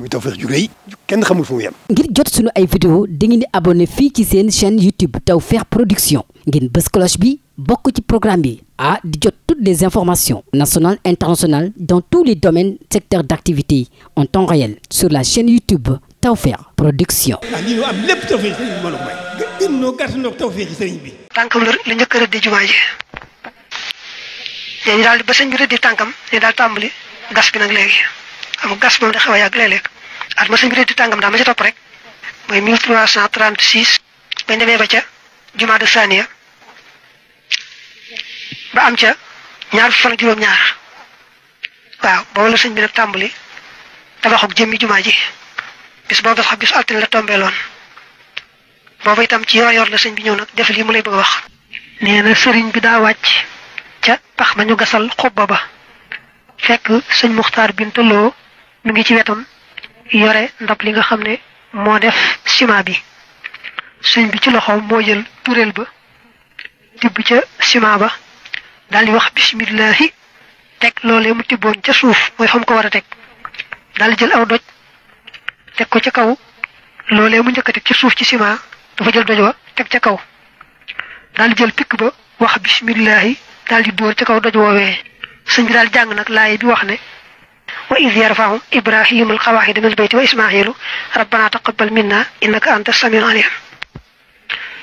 muy Tawfekh ju rëy kenn xamul fu mu yem. ngir jot sunu ay vidéo dangeen di abonné fii ci seen chaîne YouTube Tawfekh Production ngeen bës cloche bi bokk ci programme bi ah di jot toutes les informations nationales internationales dans tous les domaines secteurs d'activité en temps réel sur la chaîne YouTube Tawfekh Production. ah lii am lépp Tawfekh sëriñ bi ma la may. gën gën ñoo gàtt ñoo Tawfekh sëriñ a ji ñu daal ba sëñ bi rëdd tànkam ñu daal tàmbali gas bi nag léegi. am gas moom da xaw a yàgg léeg-léeg at ma sëñ bi di tàngam daa ma ca topp rek mooy 1336 bañ demee ba ca jumaa de Saniya ba am ca ñaar fan ak juróom-ñaar waaw booba la sëñ bi nag tàmbali tabaxug jëmmi jumaa ji bis boobu sax bisu altine la tombeeloon boobu itam ci yor-yor la sëñ bi ñëw nag def yi mu lay bëgg wax. nee sëriñ bi daa wàcc ca pax ma ñu gasal xubba ba fekk sëñ Muxtaar Bintaloo mu ngi ci wetam yore ndab li nga xam ne moo def ciment bi sëñ bi ci loxoom moo jël turéel ba tibb ca ciment ba daal di wax bismillahi teg loolee mu tibboon ca suuf mooy xam ko war a teg daal di jël aw doj teg ko ca kaw loolee mu njëkk a ca suuf ci ciment dafa jël doj wa teg ca kaw daal jël pikk ba wax bismillahi daal di dóor ca kaw doj woowee sëñ bi daal jàng nag laay bi wax ne wa iz yarfau ibrahimul xawaxida minal bayti wa ismailu rabbana taqabbal minna innaka anta samiul alim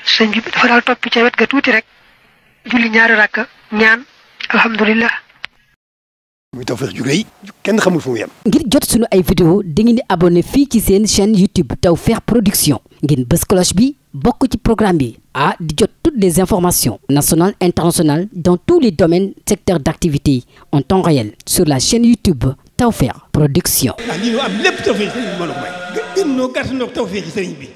sëñ bi dafa daal topp ca wet ga tuuti rek julli ñaari rakk ñaan alhamdulillah muy tawfeex ju rëy kenn xamul fu mu ngir jot sunu ay vidéo dangeen di abonné fii ci seen chaîne YouTube Tawfekh Production ngeen bës bi bokk ci programme bi ah di jot toutes les informations nationales internationales dans tous les domaines secteurs d en temps réel sur la chaîne YouTube Tawfekh Production. ndax ah, lii am lépp tawfeer ci sëriñ bi mën a may. gën noo tawfeer ci sëriñ bi.